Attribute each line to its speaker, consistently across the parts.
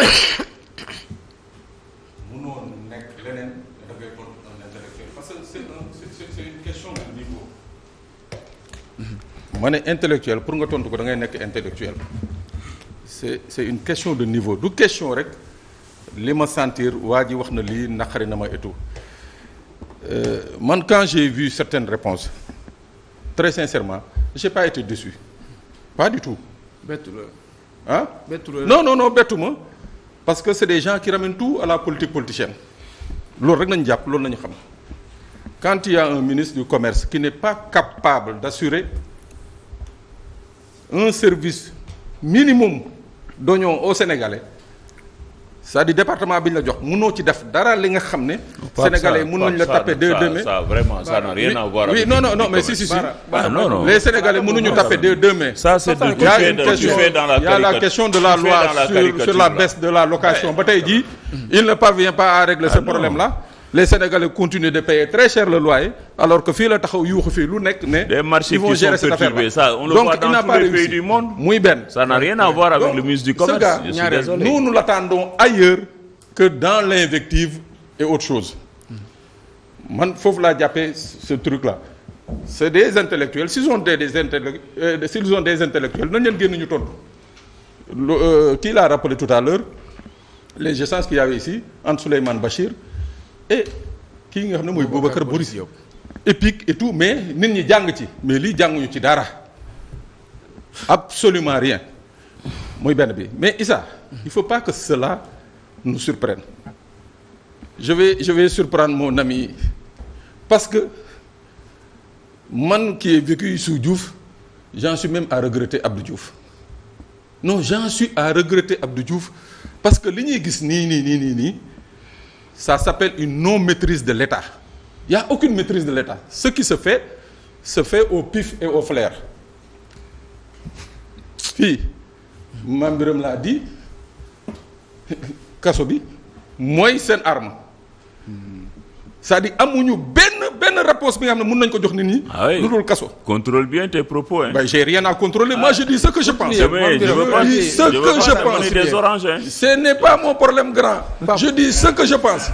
Speaker 1: mënoon nekk leneen dafay kon un intellectuel parce que c'est un c'est une question de niveau. ma ne intellectuel pour nga tontu ko da ngay nekk intellectuel c'est c'est une question de niveau du question rek li ma sentir waa ji wax na lii naqari na ma et tout euh, man quand j'ai vu certaines réponses très sincèrement j'ai pas été déçu pas du tout. bettu la ah. bettu bettu ma. parce que c'est des gens qui ramènent tout à la politique politicienne loolu rek nañu jàpp loolu nañu xam quand il y a un ministre du commerce qui n'est pas capable d'assurer un service minimum d'oignon au Sénégalais sa dire département bi ñu la jox mënoo ci def dara li nga xam ne. sénégalais mën nañ la taper deux deux mai. ça vraiment ça n'a rien à voir. oui non mais si si si. Ah, non non les sénégalais mënuñu taper deux deux mai. ça c'est du la question de la loi sur la baisse de la location ba tey jii. il ne parvient pas à régler ce ah, problème là. les sénégalais continuent de payer très cher le loyer alors que fii la taxaw yuuxu fii lu nekk ne. des marchés qui sont perturbés ça on le voit dans tous du monde. muy benn
Speaker 2: ça n'a rien à voir avec le ministre du commerce. je suis désolé nous nous
Speaker 1: l'attendons ailleurs que dans l'invective et autre chose man foofu laa jàppee ce truc là c'est des intellectuels s'ils ont des des intellec euh, s'ils ont des intellectuels nañ leen génn ñu tontu kii euh, l'a rappelé tout à l'heure les essences qu'il y avait ici entre et eh, kii nga xam ne mooy Boubacar Boris yow épique et tout mais nit ñi jàng ci mais lii jànguñu ci dara absolument rien mooy benn bi mais Issa il faut pas que cela nous surprenne je vais je vais surprendre mon ami parce que man qui ai vécu sous Diouf même à regretter Abdou Diouf non j'en suis à regretter Abdou parce que li ñuy gis nii nii nii nii nii ça s'appelle une non-maîtrise de l'État. Il n'y a de l'État. Ce qui se fait, se fait au pif et au flair. fii maam Birame laa di kaso bi mooy seen arme cest à amuñu benn réponse bi nga am ne mun nañ ko jox nit ñi. lu dul kaso. contrôle bien tes propos hein. rien à contrôler moi je dis ce que je pense. ce n'est pas mon problème grand. je dis ce que je pense.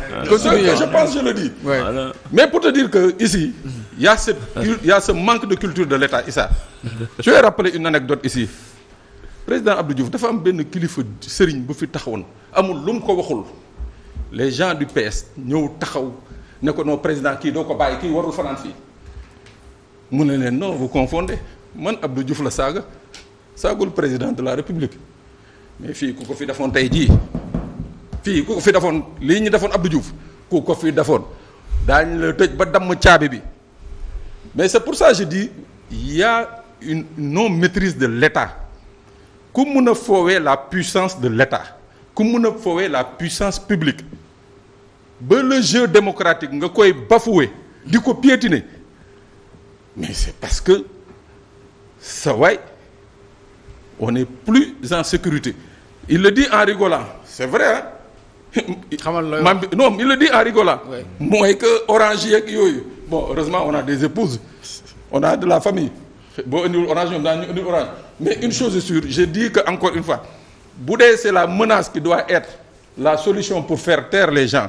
Speaker 1: mais pour te dire que ici. il ce manque de culture de l'État Issa. je vais rappeler une anecdote ici. président Abdou Diouf dafa am benn kilifa sëriñ bu fi taxawoon amul lu mu ko waxul les gens du PS ñëw taxaw. ne ko non président kii doo ko bàyyi kii warul fanaan fii mu ne leen non vous confondez man abdu Diouf la saaga saagul président de la république mais fii ku ko fi defoon tey jii fii ku ko fi defoon lii ñu defoon Abdou Diouf ku ko fi defoon daañu la tëj ba damm caabi bi mais c'est pour ça je dis une non maîtrise de l'État ku mun a foowee la puissance de l'État ku mun a foowee la puissance publique ba le jeu démocratique nga koy bafouer di ko piétiner mais c'est parce que sa waay on est plus en sécurité il le dit en rigolant c'est vrai hein xamal la non il le dit en rigolant mooy que orange yeeg yooyu bon heureusement on a des épouses on a de la famille boo indiwul orange ñoom daan ñu indiwul orange mais une chose est je dis que encore une fois bu dee c'est la menace qui doit être la solution pour faire taire les gens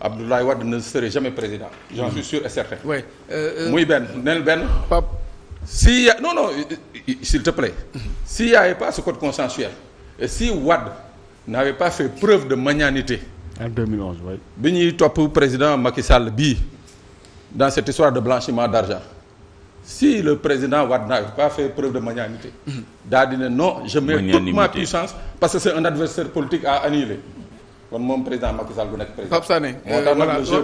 Speaker 1: Abdoulaye Wade ne serait jamais président. j'en mm. suis sûr et euh, euh, muy ben neel benn. Pape si y a non non s'il te plaît. Mm-hmm. s'il y avait pas ce consensuel. et si Wade n'avait pas fait preuve de magnanimité. en 2011 oui. bi ñuy topp président Macky Sall bii dans cette histoire de blanchiment d'argent si le président Wade n'avait pas fait preuve de magnanimité. Mm-hmm. daa di ne non je mets toute ma puissance parce que c'est un adversaire politique à annihiler. kon moom président Macky Sall waxtu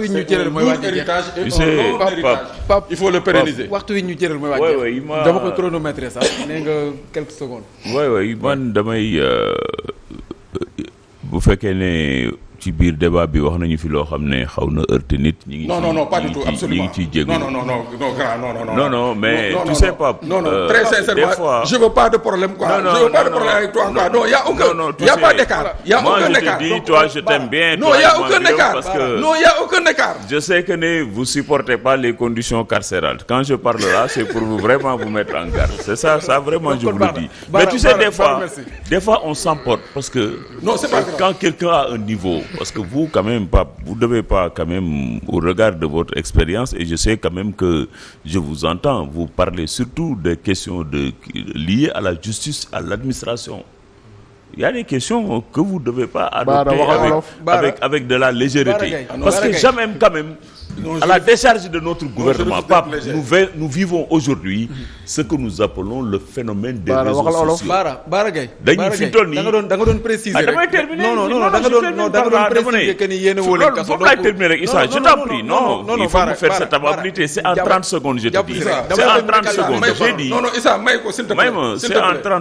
Speaker 1: wi ñu jëral mooy wàññi jeex le pérenniser. waxtu wi ñu jëral mooy wàññi jeex dama ko chronométré sax nee nga quelques secondes.
Speaker 2: waay waay man damay euh, bu fekkee ne. ci biir débat bi wax nañu fi loo xam ne xaw na heurté nit. ñi ngi non non non pas du mais tu sais pas. non euh, je veux
Speaker 1: pas de problème quoi.
Speaker 2: je veux pas de problème avec toi quoi non a a pas d'écart. y' a aucun écart moi je te dis toi je t'aime bien. a aucun écart parce que a aucun écart. je sais que ne vous supportez pas les conditions carcérales quand je parle là c'est pour vraiment vous mettre en garde c'est ça vraiment je vous le dis. mais tu sais des fois fois on s'emporte parce que. non euh, quand quelqu'un a un niveau. Parce que vous, quand même, pas, vous ne devez pas, quand même, au regard de votre expérience, et je sais quand même que je vous entends, vous parlez surtout des questions de, liées à la justice, à l'administration. Il y a des questions que vous ne devez pas adopter avec, de la légèreté. Parce que jamais, quand même, à la décharge de notre gouvernement Pape nous nous vivons aujourd'hui ce que nous appelons le phénomène des réseaux sociaux Baara
Speaker 1: Baara Gaye dañu fi toll nii da nga doon
Speaker 2: da nga doon préciser ah, rek non non non da nga doon non da terminer il faut nous faire cette amabilité c'est en 30 secondes je dit c'est en 30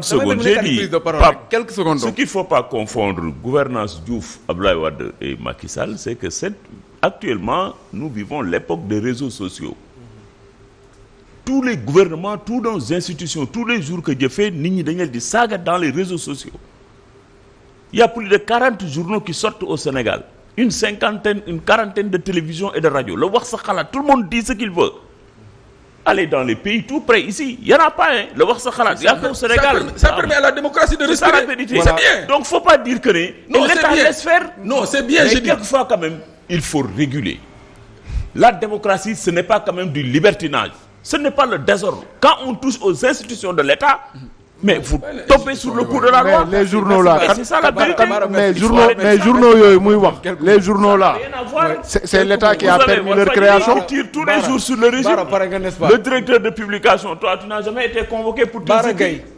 Speaker 2: secondes j'ai dit Pape ce qu'il faut pas confondre gouvernance Diouf Abdoulaye et Macky c'est que cette actuellement nous vivons l'époque des réseaux sociaux tous les gouvernements tous nos institutions tous les jours que Dieu fait nit ñi dañ leen di saaga dans les réseaux sociaux il y a plus de quarante journaux qui sortent au Sénégal une cinquantaine une quarantaine de télévisions et de radios la wax sa xalaat tout le monde dit ce qu'il veut aller dans les pays tout près ici y en pas hein la wax sa xalaat y a qu'au Sénégal ça permet à la démocratie de respirer c'est bien donc faut pas dire il faut réguler la démocratie ce n'est pas quand même du libertinage ce n'est pas le désordre quand on touche aux institutions de l'État mais vous tombez sur le coup de la loi les journaux là mais journaux mais journaux wax les journaux là c'est l'État qui a permis création le directeur de publication toi tu n'as jamais été convoqué pour te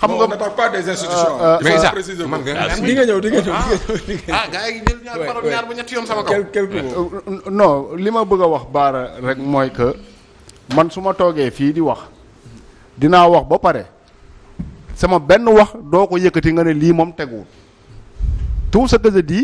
Speaker 1: xam nga on n'attaque pas des institutions. mais euh, euh, euh, Issa man di nga ñëw di nga ñëw di nga ñëw.
Speaker 2: ah, ah gars yi jël ñaar
Speaker 1: parole ñaar ba ñetti yoon sama kaw. li ma bëgg a wax baara rek mooy que man su ma toogee fii di wax dinaa wax ba pare sama benn wax doo ko yëkkati nga ne lii moom teguwul tout ce que